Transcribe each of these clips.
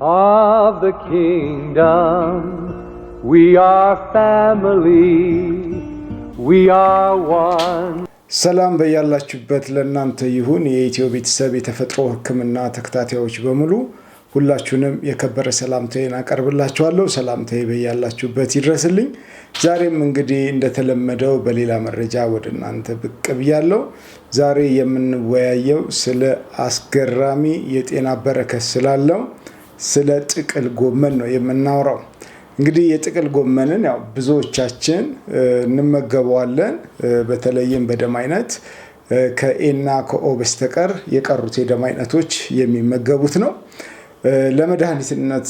of the kingdom. We are family, we are one. ሰላም በያላችሁበት ለእናንተ ይሁን። የኢትዮ ቤተሰብ የተፈጥሮ ሕክምና ተከታታዮች በሙሉ ሁላችሁንም የከበረ ሰላምታዬን አቀርብላችኋለሁ። ሰላምታዬ በያላችሁበት ይድረስልኝ። ዛሬም እንግዲህ እንደተለመደው በሌላ መረጃ ወደ እናንተ ብቅ ብያለሁ። ዛሬ የምንወያየው ስለ አስገራሚ የጤና በረከት ስላለው ስለ ጥቅል ጎመን ነው የምናወራው። እንግዲህ የጥቅል ጎመንን ያው ብዙዎቻችን እንመገበዋለን። በተለይም በደም አይነት ከኤና ከኦ በስተቀር የቀሩት የደም አይነቶች የሚመገቡት ነው። ለመድኃኒትነት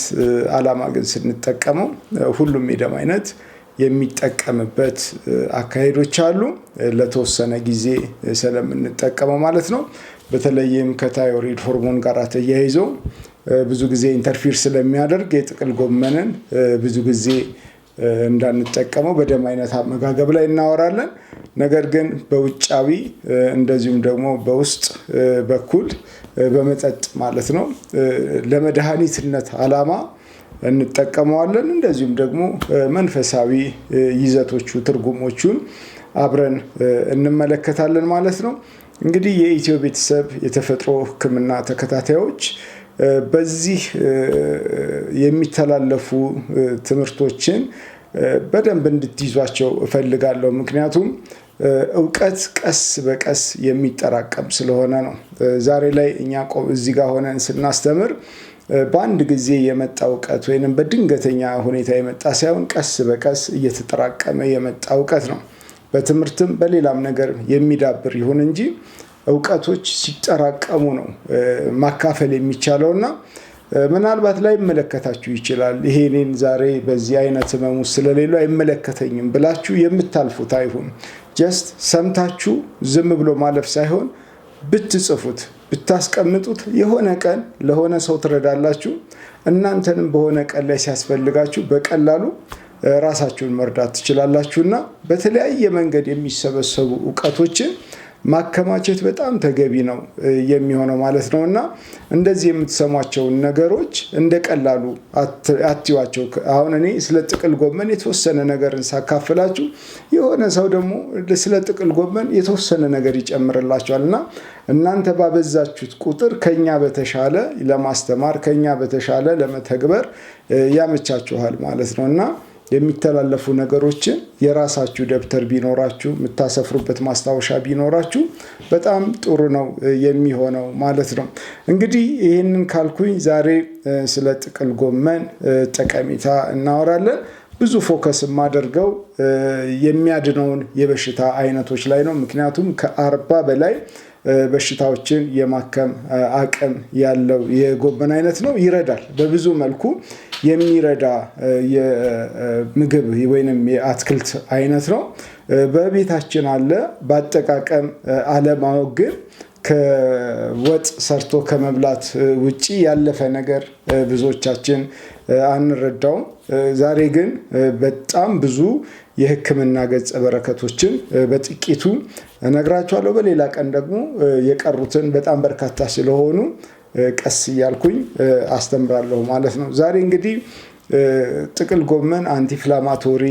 አላማ ግን ስንጠቀመው ሁሉም የደም አይነት የሚጠቀምበት አካሄዶች አሉ። ለተወሰነ ጊዜ ስለምንጠቀመው ማለት ነው። በተለይም ከታይሮይድ ሆርሞን ጋር ተያይዘው። ብዙ ጊዜ ኢንተርፊር ስለሚያደርግ የጥቅል ጎመንን ብዙ ጊዜ እንዳንጠቀመው በደም አይነት አመጋገብ ላይ እናወራለን። ነገር ግን በውጫዊ እንደዚሁም ደግሞ በውስጥ በኩል በመጠጥ ማለት ነው ለመድኃኒትነት አላማ እንጠቀመዋለን። እንደዚሁም ደግሞ መንፈሳዊ ይዘቶቹ ትርጉሞቹን አብረን እንመለከታለን ማለት ነው። እንግዲህ የኢትዮ ቤተሰብ የተፈጥሮ ሕክምና ተከታታዮች በዚህ የሚተላለፉ ትምህርቶችን በደንብ እንድትይዟቸው እፈልጋለሁ። ምክንያቱም እውቀት ቀስ በቀስ የሚጠራቀም ስለሆነ ነው። ዛሬ ላይ እኛ እዚህ ጋር ሆነን ስናስተምር በአንድ ጊዜ የመጣ እውቀት ወይም በድንገተኛ ሁኔታ የመጣ ሳይሆን ቀስ በቀስ እየተጠራቀመ የመጣ እውቀት ነው። በትምህርትም በሌላም ነገር የሚዳብር ይሁን እንጂ እውቀቶች ሲጠራቀሙ ነው ማካፈል የሚቻለው እና ምናልባት ላይ መለከታችሁ ይችላል። ይሄ እኔን ዛሬ በዚህ አይነት ህመሙ ስለሌሉ አይመለከተኝም ብላችሁ የምታልፉት አይሁን። ጀስት ሰምታችሁ ዝም ብሎ ማለፍ ሳይሆን ብትጽፉት ብታስቀምጡት የሆነ ቀን ለሆነ ሰው ትረዳላችሁ። እናንተንም በሆነ ቀን ላይ ሲያስፈልጋችሁ በቀላሉ ራሳችሁን መርዳት ትችላላችሁና በተለያየ መንገድ የሚሰበሰቡ እውቀቶችን ማከማቸት በጣም ተገቢ ነው የሚሆነው ማለት ነው እና እንደዚህ የምትሰሟቸውን ነገሮች እንደ ቀላሉ አትዩዋቸው። አሁን እኔ ስለ ጥቅል ጎመን የተወሰነ ነገርን ሳካፍላችሁ የሆነ ሰው ደግሞ ስለ ጥቅል ጎመን የተወሰነ ነገር ይጨምርላቸዋል እና እናንተ ባበዛችሁት ቁጥር ከኛ በተሻለ ለማስተማር ከኛ በተሻለ ለመተግበር ያመቻችኋል ማለት ነው እና የሚተላለፉ ነገሮችን የራሳችሁ ደብተር ቢኖራችሁ የምታሰፍሩበት ማስታወሻ ቢኖራችሁ በጣም ጥሩ ነው የሚሆነው ማለት ነው። እንግዲህ ይህንን ካልኩኝ ዛሬ ስለ ጥቅል ጎመን ጠቀሜታ እናወራለን። ብዙ ፎከስ የማደርገው የሚያድነውን የበሽታ አይነቶች ላይ ነው። ምክንያቱም ከአርባ በላይ በሽታዎችን የማከም አቅም ያለው የጎመን አይነት ነው። ይረዳል። በብዙ መልኩ የሚረዳ የምግብ ወይም የአትክልት አይነት ነው። በቤታችን አለ። በአጠቃቀም አለማወቅ ግን ከወጥ ሰርቶ ከመብላት ውጪ ያለፈ ነገር ብዙዎቻችን አንረዳውም። ዛሬ ግን በጣም ብዙ የህክምና ገጸ በረከቶችን በጥቂቱ እነግራችኋለሁ። በሌላ ቀን ደግሞ የቀሩትን በጣም በርካታ ስለሆኑ ቀስ እያልኩኝ አስተምራለሁ ማለት ነው። ዛሬ እንግዲህ ጥቅል ጎመን አንቲፍላማቶሪ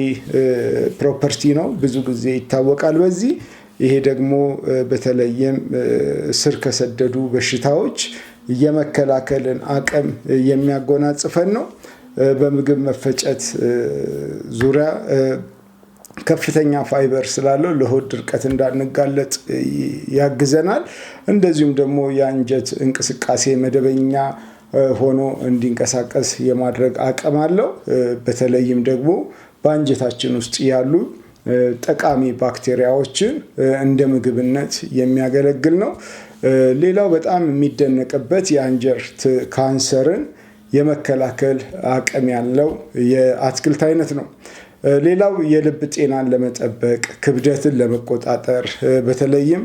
ፕሮፐርቲ ነው፣ ብዙ ጊዜ ይታወቃል በዚህ ይሄ ደግሞ በተለይም ስር ከሰደዱ በሽታዎች የመከላከልን አቅም የሚያጎናጽፈን ነው። በምግብ መፈጨት ዙሪያ ከፍተኛ ፋይበር ስላለው ለሆድ ድርቀት እንዳንጋለጥ ያግዘናል። እንደዚሁም ደግሞ የአንጀት እንቅስቃሴ መደበኛ ሆኖ እንዲንቀሳቀስ የማድረግ አቅም አለው። በተለይም ደግሞ በአንጀታችን ውስጥ ያሉ ጠቃሚ ባክቴሪያዎችን እንደ ምግብነት የሚያገለግል ነው። ሌላው በጣም የሚደነቅበት የአንጀት ካንሰርን የመከላከል አቅም ያለው የአትክልት አይነት ነው። ሌላው የልብ ጤናን ለመጠበቅ ክብደትን ለመቆጣጠር በተለይም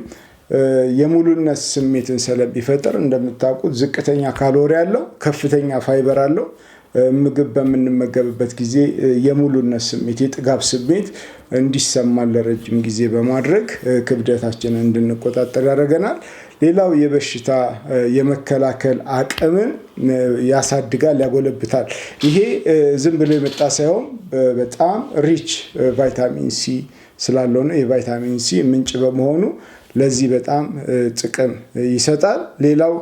የሙሉነት ስሜትን ስለሚፈጥር እንደምታውቁት ዝቅተኛ ካሎሪ አለው፣ ከፍተኛ ፋይበር አለው። ምግብ በምንመገብበት ጊዜ የሙሉነት ስሜት የጥጋብ ስሜት እንዲሰማን ለረጅም ጊዜ በማድረግ ክብደታችንን እንድንቆጣጠር ያደርገናል። ሌላው የበሽታ የመከላከል አቅምን ያሳድጋል፣ ያጎለብታል። ይሄ ዝም ብሎ የመጣ ሳይሆን በጣም ሪች ቫይታሚን ሲ ስላለው ነው። የቫይታሚን ሲ ምንጭ በመሆኑ ለዚህ በጣም ጥቅም ይሰጣል። ሌላው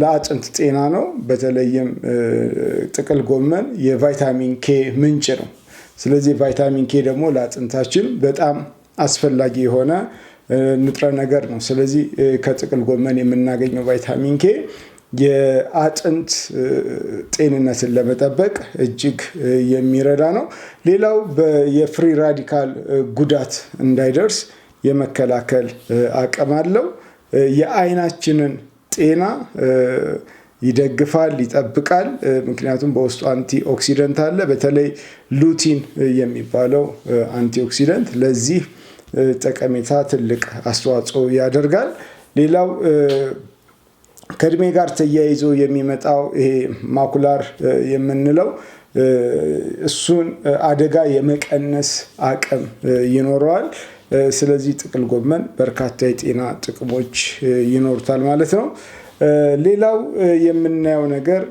ለአጥንት ጤና ነው። በተለይም ጥቅል ጎመን የቫይታሚን ኬ ምንጭ ነው። ስለዚህ ቫይታሚን ኬ ደግሞ ለአጥንታችን በጣም አስፈላጊ የሆነ ንጥረ ነገር ነው። ስለዚህ ከጥቅል ጎመን የምናገኘው ቫይታሚን ኬ የአጥንት ጤንነትን ለመጠበቅ እጅግ የሚረዳ ነው። ሌላው የፍሪ ራዲካል ጉዳት እንዳይደርስ የመከላከል አቅም አለው። የአይናችንን ጤና ይደግፋል፣ ይጠብቃል። ምክንያቱም በውስጡ አንቲ ኦክሲደንት አለ። በተለይ ሉቲን የሚባለው አንቲኦክሲደንት ኦክሲደንት ለዚህ ጠቀሜታ ትልቅ አስተዋጽኦ ያደርጋል። ሌላው ከእድሜ ጋር ተያይዞ የሚመጣው ይሄ ማኩላር የምንለው እሱን አደጋ የመቀነስ አቅም ይኖረዋል። ስለዚህ ጥቅል ጎመን በርካታ የጤና ጥቅሞች ይኖሩታል ማለት ነው። ሌላው የምናየው ነገር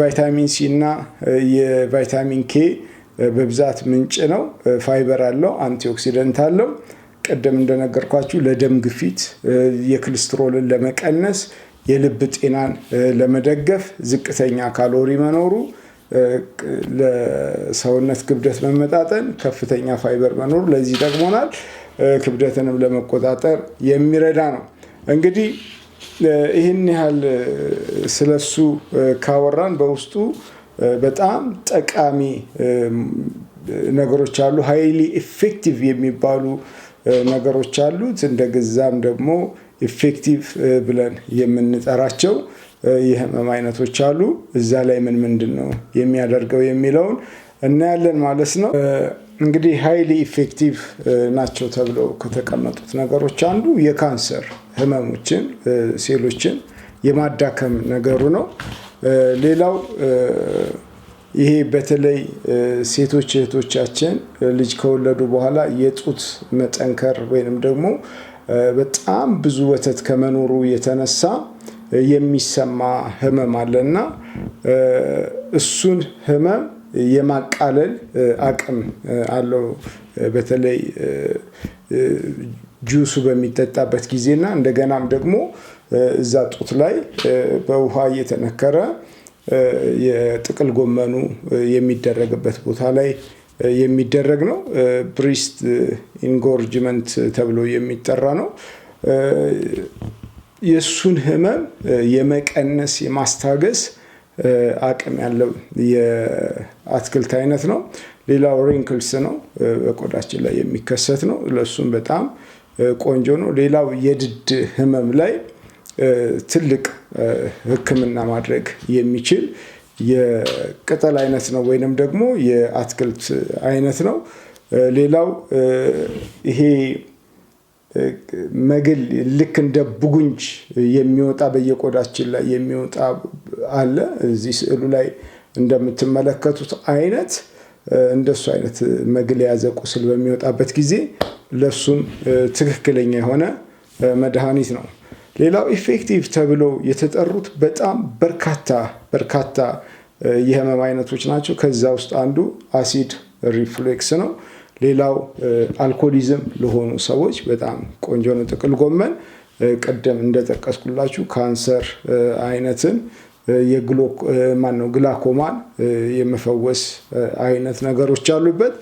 ቫይታሚን ሲ እና የቫይታሚን ኬ በብዛት ምንጭ ነው። ፋይበር አለው፣ አንቲኦክሲደንት አለው። ቀደም እንደነገርኳችሁ ለደም ግፊት፣ የክልስትሮልን ለመቀነስ፣ የልብ ጤናን ለመደገፍ ዝቅተኛ ካሎሪ መኖሩ ለሰውነት ክብደት መመጣጠን ከፍተኛ ፋይበር መኖሩ ለዚህ ይጠቅሞናል። ክብደትንም ለመቆጣጠር የሚረዳ ነው። እንግዲህ ይህን ያህል ስለሱ ካወራን በውስጡ በጣም ጠቃሚ ነገሮች አሉ። ሀይሊ ኢፌክቲቭ የሚባሉ ነገሮች አሉት። እንደ ግዛም ደግሞ ኢፌክቲቭ ብለን የምንጠራቸው የህመም አይነቶች አሉ። እዛ ላይ ምን ምንድን ነው የሚያደርገው የሚለውን እናያለን ማለት ነው። እንግዲህ ሀይሊ ኢፌክቲቭ ናቸው ተብለው ከተቀመጡት ነገሮች አንዱ የካንሰር ህመሞችን ሴሎችን የማዳከም ነገሩ ነው። ሌላው ይሄ በተለይ ሴቶች እህቶቻችን ልጅ ከወለዱ በኋላ የጡት መጠንከር ወይንም ደግሞ በጣም ብዙ ወተት ከመኖሩ የተነሳ የሚሰማ ህመም አለና እሱን ህመም የማቃለል አቅም አለው። በተለይ ጁሱ በሚጠጣበት ጊዜና እንደገናም ደግሞ እዛ ጡት ላይ በውሃ እየተነከረ የጥቅል ጎመኑ የሚደረግበት ቦታ ላይ የሚደረግ ነው። ብሪስት ኢንጎርጅመንት ተብሎ የሚጠራ ነው። የእሱን ህመም የመቀነስ የማስታገስ አቅም ያለው የአትክልት አይነት ነው። ሌላው ሪንክልስ ነው፣ በቆዳችን ላይ የሚከሰት ነው። ለእሱም በጣም ቆንጆ ነው። ሌላው የድድ ህመም ላይ ትልቅ ህክምና ማድረግ የሚችል የቅጠል አይነት ነው ወይንም ደግሞ የአትክልት አይነት ነው። ሌላው ይሄ መግል ልክ እንደ ቡጉንጅ የሚወጣ በየቆዳችን ላይ የሚወጣ አለ። እዚህ ስዕሉ ላይ እንደምትመለከቱት አይነት እንደሱ አይነት መግል የያዘ ቁስል በሚወጣበት ጊዜ ለሱም ትክክለኛ የሆነ መድኃኒት ነው። ሌላው ኢፌክቲቭ ተብለው የተጠሩት በጣም በርካታ በርካታ የህመም አይነቶች ናቸው። ከዛ ውስጥ አንዱ አሲድ ሪፍሌክስ ነው። ሌላው አልኮሊዝም ለሆኑ ሰዎች በጣም ቆንጆ ነው። ጥቅል ጎመን ቀደም እንደጠቀስኩላችሁ ካንሰር አይነትን ማነው ግላኮማን የመፈወስ አይነት ነገሮች አሉበት።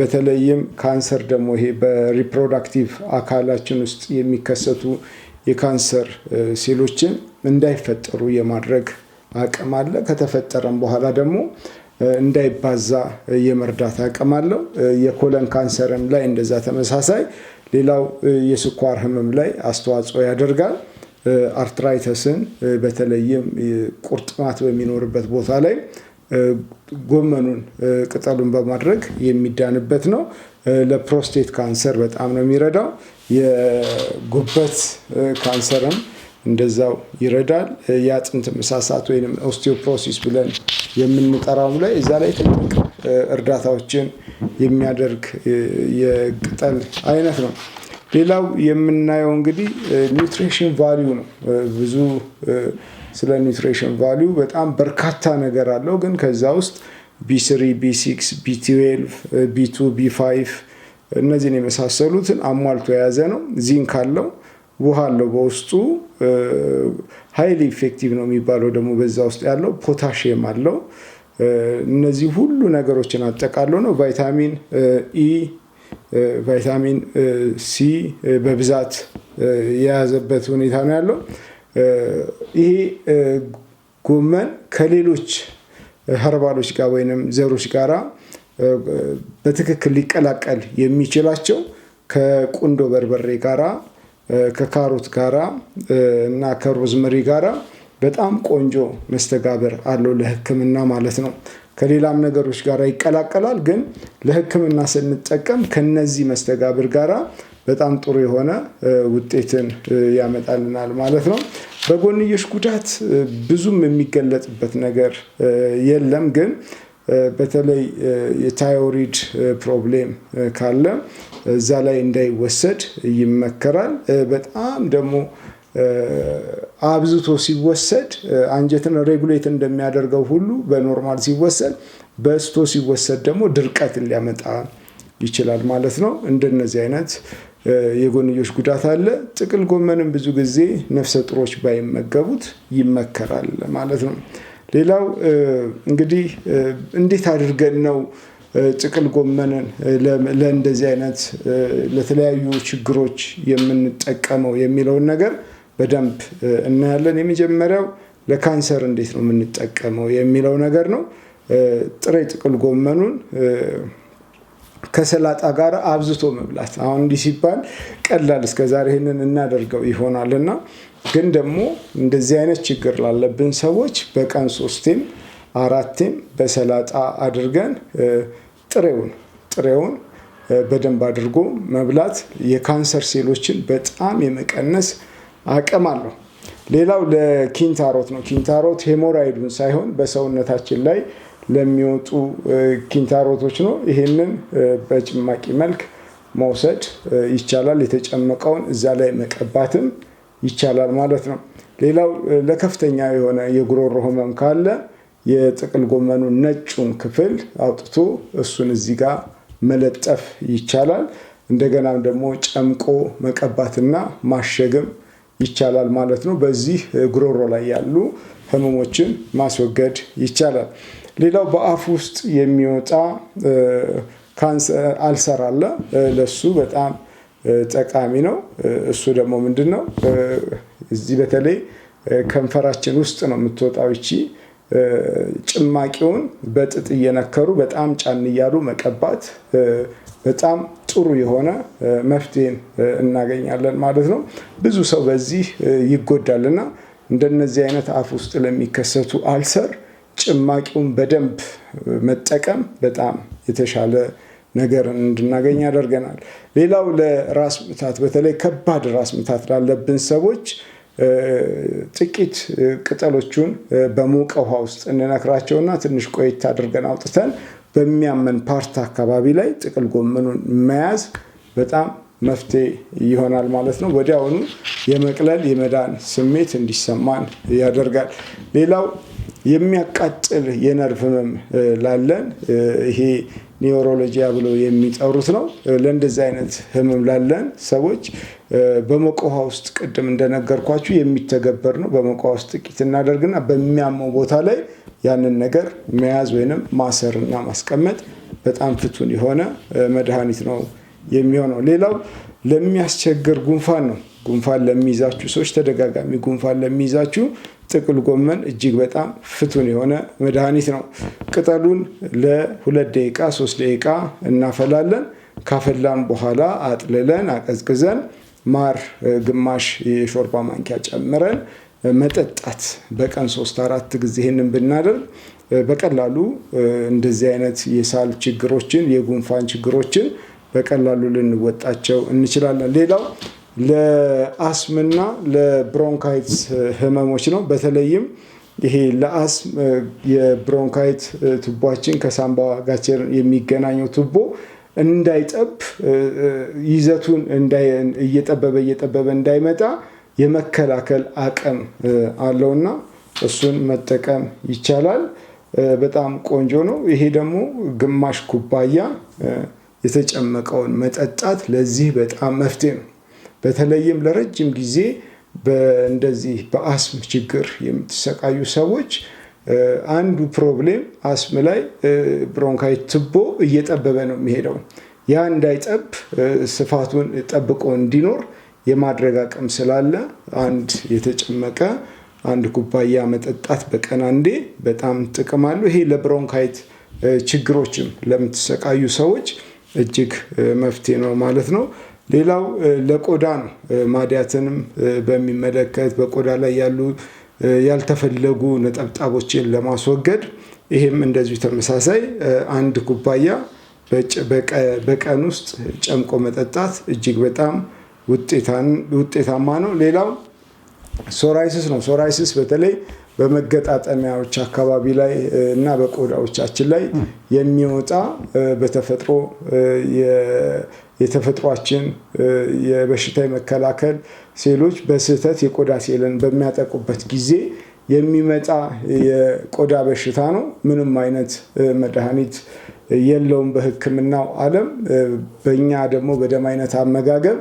በተለይም ካንሰር ደግሞ ይሄ በሪፕሮዳክቲቭ አካላችን ውስጥ የሚከሰቱ የካንሰር ሴሎችን እንዳይፈጠሩ የማድረግ አቅም አለ። ከተፈጠረም በኋላ ደግሞ እንዳይባዛ የመርዳት አቅም አለው። የኮለን ካንሰርም ላይ እንደዛ ተመሳሳይ። ሌላው የስኳር ህመም ላይ አስተዋጽኦ ያደርጋል። አርትራይተስን በተለይም ቁርጥማት በሚኖርበት ቦታ ላይ ጎመኑን ቅጠሉን በማድረግ የሚዳንበት ነው። ለፕሮስቴት ካንሰር በጣም ነው የሚረዳው። የጉበት ካንሰርም እንደዛው ይረዳል። የአጥንት መሳሳት ወይም ኦስቲዮፕሮሲስ ብለን የምንጠራውም ላይ እዛ ላይ ትልቅ እርዳታዎችን የሚያደርግ የቅጠል አይነት ነው። ሌላው የምናየው እንግዲህ ኒውትሪሽን ቫሊዩ ነው ብዙ ስለ ኒትሬሽን ቫሊዩ በጣም በርካታ ነገር አለው። ግን ከዛ ውስጥ ቢ3፣ ቢ6፣ ቢ12፣ ቢ2፣ ቢ5 እነዚህን የመሳሰሉትን አሟልቶ የያዘ ነው። ዚን ካለው ውሃ አለው በውስጡ ሃይሊ ኢፌክቲቭ ነው የሚባለው ደግሞ በዛ ውስጥ ያለው ፖታሽየም አለው። እነዚህ ሁሉ ነገሮችን አጠቃለው ነው። ቫይታሚን ኢ ቫይታሚን ሲ በብዛት የያዘበት ሁኔታ ነው ያለው። ይሄ ጎመን ከሌሎች ሀርባሎች ጋር ወይም ዘሮች ጋራ በትክክል ሊቀላቀል የሚችላቸው ከቁንዶ በርበሬ ጋራ ከካሮት ጋራ እና ከሮዝመሪ ጋራ በጣም ቆንጆ መስተጋበር አለው ለሕክምና ማለት ነው። ከሌላም ነገሮች ጋር ይቀላቀላል፣ ግን ለሕክምና ስንጠቀም ከነዚህ መስተጋብር ጋራ በጣም ጥሩ የሆነ ውጤትን ያመጣልናል ማለት ነው። በጎንዮሽ ጉዳት ብዙም የሚገለጽበት ነገር የለም ግን በተለይ የታይሮይድ ፕሮብሌም ካለ እዛ ላይ እንዳይወሰድ ይመከራል። በጣም ደግሞ አብዝቶ ሲወሰድ አንጀትን ሬጉሌት እንደሚያደርገው ሁሉ በኖርማል ሲወሰድ፣ በስቶ ሲወሰድ ደግሞ ድርቀትን ሊያመጣ ይችላል ማለት ነው። እንደነዚህ አይነት የጎንዮሽ ጉዳት አለ። ጥቅል ጎመንን ብዙ ጊዜ ነፍሰ ጡሮች ባይመገቡት ይመከራል ማለት ነው። ሌላው እንግዲህ እንዴት አድርገን ነው ጥቅል ጎመንን ለእንደዚህ አይነት ለተለያዩ ችግሮች የምንጠቀመው የሚለውን ነገር በደንብ እናያለን። የመጀመሪያው ለካንሰር እንዴት ነው የምንጠቀመው የሚለው ነገር ነው። ጥሬ ጥቅል ጎመኑን ከሰላጣ ጋር አብዝቶ መብላት አሁን እንዲህ ሲባል ቀላል እስከዛሬ ይህንን እናደርገው ይሆናል እና ግን ደግሞ እንደዚህ አይነት ችግር ላለብን ሰዎች በቀን ሶስቴም አራቴም በሰላጣ አድርገን ጥሬውን ጥሬውን በደንብ አድርጎ መብላት የካንሰር ሴሎችን በጣም የመቀነስ አቅም አለው። ሌላው ለኪንታሮት ነው። ኪንታሮት ሄሞራይዱን ሳይሆን በሰውነታችን ላይ ለሚወጡ ኪንታሮቶች ነው። ይሄንን በጭማቂ መልክ መውሰድ ይቻላል። የተጨመቀውን እዛ ላይ መቀባትም ይቻላል ማለት ነው። ሌላው ለከፍተኛ የሆነ የጉሮሮ ህመም ካለ የጥቅል ጎመኑ ነጩን ክፍል አውጥቶ እሱን እዚህ ጋር መለጠፍ ይቻላል። እንደገናም ደግሞ ጨምቆ መቀባትና ማሸግም ይቻላል ማለት ነው። በዚህ ጉሮሮ ላይ ያሉ ህመሞችን ማስወገድ ይቻላል። ሌላው በአፍ ውስጥ የሚወጣ አልሰር አለ። ለሱ በጣም ጠቃሚ ነው። እሱ ደግሞ ምንድን ነው? እዚህ በተለይ ከንፈራችን ውስጥ ነው የምትወጣው ይቺ ጭማቂውን በጥጥ እየነከሩ በጣም ጫን እያሉ መቀባት በጣም ጥሩ የሆነ መፍትሄን እናገኛለን ማለት ነው። ብዙ ሰው በዚህ ይጎዳልና እንደነዚህ አይነት አፍ ውስጥ ለሚከሰቱ አልሰር ጭማቂውን በደንብ መጠቀም በጣም የተሻለ ነገር እንድናገኝ ያደርገናል። ሌላው ለራስ ምታት በተለይ ከባድ ራስ ምታት ላለብን ሰዎች ጥቂት ቅጠሎቹን በሞቀ ውሃ ውስጥ እንነክራቸውና ትንሽ ቆየት አድርገን አውጥተን በሚያመን ፓርት አካባቢ ላይ ጥቅል ጎመኑን መያዝ በጣም መፍትሄ ይሆናል ማለት ነው። ወዲያውኑ የመቅለል የመዳን ስሜት እንዲሰማን ያደርጋል። ሌላው የሚያቃጥል የነርቭ ህመም ላለን ይሄ ኒውሮሎጂያ ብለው የሚጠሩት ነው። ለእንደዚህ አይነት ህመም ላለን ሰዎች በሞቀ ውሃ ውስጥ ቅድም እንደነገርኳችሁ የሚተገበር ነው። በሞቀ ውሃ ውስጥ ጥቂት እናደርግና በሚያመው ቦታ ላይ ያንን ነገር መያዝ ወይንም ማሰርና ማስቀመጥ በጣም ፍቱን የሆነ መድኃኒት ነው የሚሆነው። ሌላው ለሚያስቸግር ጉንፋን ነው። ጉንፋን ለሚይዛችሁ ሰዎች ተደጋጋሚ ጉንፋን ለሚይዛችሁ ጥቅል ጎመን እጅግ በጣም ፍቱን የሆነ መድኃኒት ነው። ቅጠሉን ለሁለት ደቂቃ ሶስት ደቂቃ እናፈላለን። ካፈላን በኋላ አጥልለን አቀዝቅዘን ማር ግማሽ የሾርባ ማንኪያ ጨምረን መጠጣት በቀን ሶስት አራት ጊዜ ይህንን ብናደርግ በቀላሉ እንደዚህ አይነት የሳል ችግሮችን የጉንፋን ችግሮችን በቀላሉ ልንወጣቸው እንችላለን። ሌላው ለአስምና ለብሮንካይት ህመሞች ነው። በተለይም ይሄ ለአስም የብሮንካይት ቱቦችን ከሳምባ ጋቸር የሚገናኘው ቱቦ እንዳይጠብ ይዘቱን እየጠበበ እየጠበበ እንዳይመጣ የመከላከል አቅም አለውና እሱን መጠቀም ይቻላል። በጣም ቆንጆ ነው። ይሄ ደግሞ ግማሽ ኩባያ የተጨመቀውን መጠጣት ለዚህ በጣም መፍትሄ ነው። በተለይም ለረጅም ጊዜ እንደዚህ በአስም ችግር የምትሰቃዩ ሰዎች አንዱ ፕሮብሌም አስም ላይ ብሮንካይት ትቦ እየጠበበ ነው የሚሄደው። ያ እንዳይጠብ ስፋቱን ጠብቆ እንዲኖር የማድረግ አቅም ስላለ አንድ የተጨመቀ አንድ ኩባያ መጠጣት በቀን አንዴ በጣም ጥቅም አለው። ይሄ ለብሮንካይት ችግሮችም ለምትሰቃዩ ሰዎች እጅግ መፍትሄ ነው ማለት ነው። ሌላው ለቆዳ ነው። ማዲያትንም በሚመለከት በቆዳ ላይ ያሉ ያልተፈለጉ ነጠብጣቦችን ለማስወገድ ይህም እንደዚሁ ተመሳሳይ አንድ ኩባያ በቀን ውስጥ ጨምቆ መጠጣት እጅግ በጣም ውጤታማ ነው። ሌላው ሶራይስስ ነው። ሶራይስስ በተለይ በመገጣጠሚያዎች አካባቢ ላይ እና በቆዳዎቻችን ላይ የሚወጣ በተፈጥሮ የተፈጥሯችን የበሽታ የመከላከል ሴሎች በስህተት የቆዳ ሴልን በሚያጠቁበት ጊዜ የሚመጣ የቆዳ በሽታ ነው። ምንም አይነት መድኃኒት የለውም በሕክምናው ዓለም። በእኛ ደግሞ በደም አይነት አመጋገብ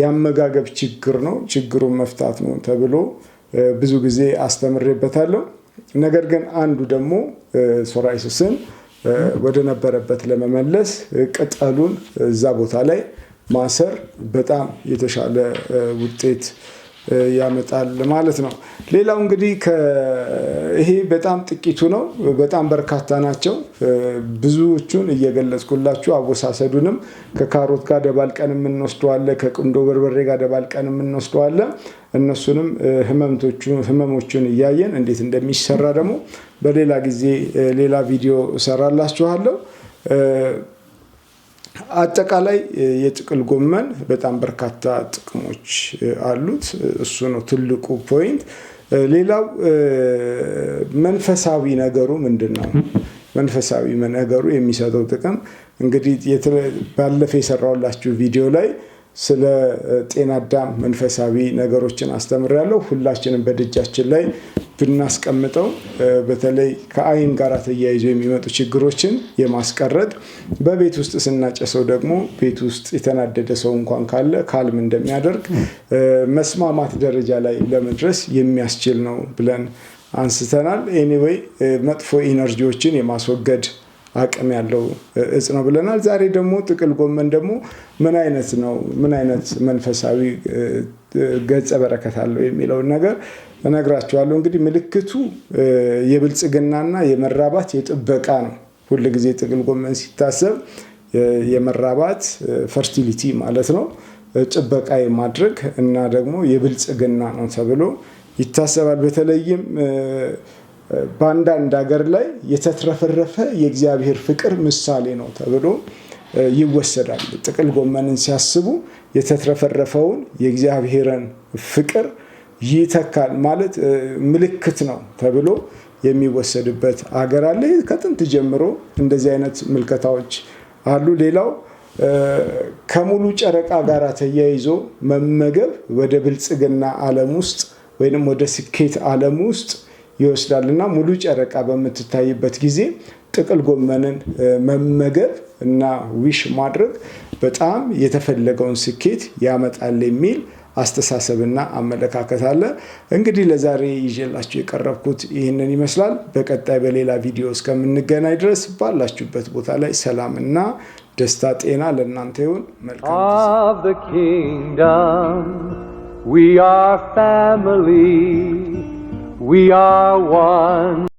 የአመጋገብ ችግር ነው፣ ችግሩን መፍታት ነው ተብሎ ብዙ ጊዜ አስተምሬበታለሁ። ነገር ግን አንዱ ደግሞ ሶራይስስን ወደ ነበረበት ለመመለስ ቅጠሉን እዛ ቦታ ላይ ማሰር በጣም የተሻለ ውጤት ያመጣል ማለት ነው። ሌላው እንግዲህ ይሄ በጣም ጥቂቱ ነው። በጣም በርካታ ናቸው። ብዙዎቹን እየገለጽኩላችሁ አወሳሰዱንም ከካሮት ጋር ደባልቀን የምንወስደዋለን፣ ከቁንዶ በርበሬ ጋር ደባልቀን የምንወስደዋለን። እነሱንም ህመሞቹን እያየን እንዴት እንደሚሰራ ደግሞ በሌላ ጊዜ ሌላ ቪዲዮ እሰራላችኋለሁ። አጠቃላይ የጥቅል ጎመን በጣም በርካታ ጥቅሞች አሉት። እሱ ነው ትልቁ ፖይንት። ሌላው መንፈሳዊ ነገሩ ምንድን ነው? መንፈሳዊ ነገሩ የሚሰጠው ጥቅም እንግዲህ ባለፈ የሰራሁላችሁ ቪዲዮ ላይ ስለ ጤና አዳም መንፈሳዊ ነገሮችን አስተምሬያለሁ። ሁላችንም በደጃችን ላይ ብናስቀምጠው በተለይ ከአይን ጋር ተያይዞ የሚመጡ ችግሮችን የማስቀረት በቤት ውስጥ ስናጨሰው ደግሞ ቤት ውስጥ የተናደደ ሰው እንኳን ካለ ካልም እንደሚያደርግ መስማማት ደረጃ ላይ ለመድረስ የሚያስችል ነው ብለን አንስተናል። ኤኒዌይ መጥፎ ኢነርጂዎችን የማስወገድ አቅም ያለው እጽ ነው ብለናል። ዛሬ ደግሞ ጥቅል ጎመን ደግሞ ምን አይነት ነው ምን አይነት መንፈሳዊ ገጸ በረከት አለው የሚለውን ነገር እነግራቸዋለሁ። እንግዲህ ምልክቱ የብልጽግናና የመራባት የጥበቃ ነው። ሁል ጊዜ ጥቅል ጎመን ሲታሰብ የመራባት ፈርቲሊቲ ማለት ነው፣ ጥበቃ የማድረግ እና ደግሞ የብልጽግና ነው ተብሎ ይታሰባል። በተለይም በአንዳንድ ሀገር ላይ የተትረፈረፈ የእግዚአብሔር ፍቅር ምሳሌ ነው ተብሎ ይወሰዳል። ጥቅል ጎመንን ሲያስቡ የተትረፈረፈውን የእግዚአብሔርን ፍቅር ይተካል ማለት ምልክት ነው ተብሎ የሚወሰድበት አገር አለ። ከጥንት ጀምሮ እንደዚህ አይነት ምልከታዎች አሉ። ሌላው ከሙሉ ጨረቃ ጋር ተያይዞ መመገብ ወደ ብልጽግና ዓለም ውስጥ ወይም ወደ ስኬት ዓለም ውስጥ ይወስዳል እና ሙሉ ጨረቃ በምትታይበት ጊዜ ጥቅል ጎመንን መመገብ እና ዊሽ ማድረግ በጣም የተፈለገውን ስኬት ያመጣል የሚል አስተሳሰብና አመለካከት አለ። እንግዲህ ለዛሬ ይዤላችሁ የቀረብኩት ይህንን ይመስላል። በቀጣይ በሌላ ቪዲዮ እስከምንገናኝ ድረስ ባላችሁበት ቦታ ላይ ሰላምና ደስታ፣ ጤና ለእናንተ ይሁን። መልካም We are one.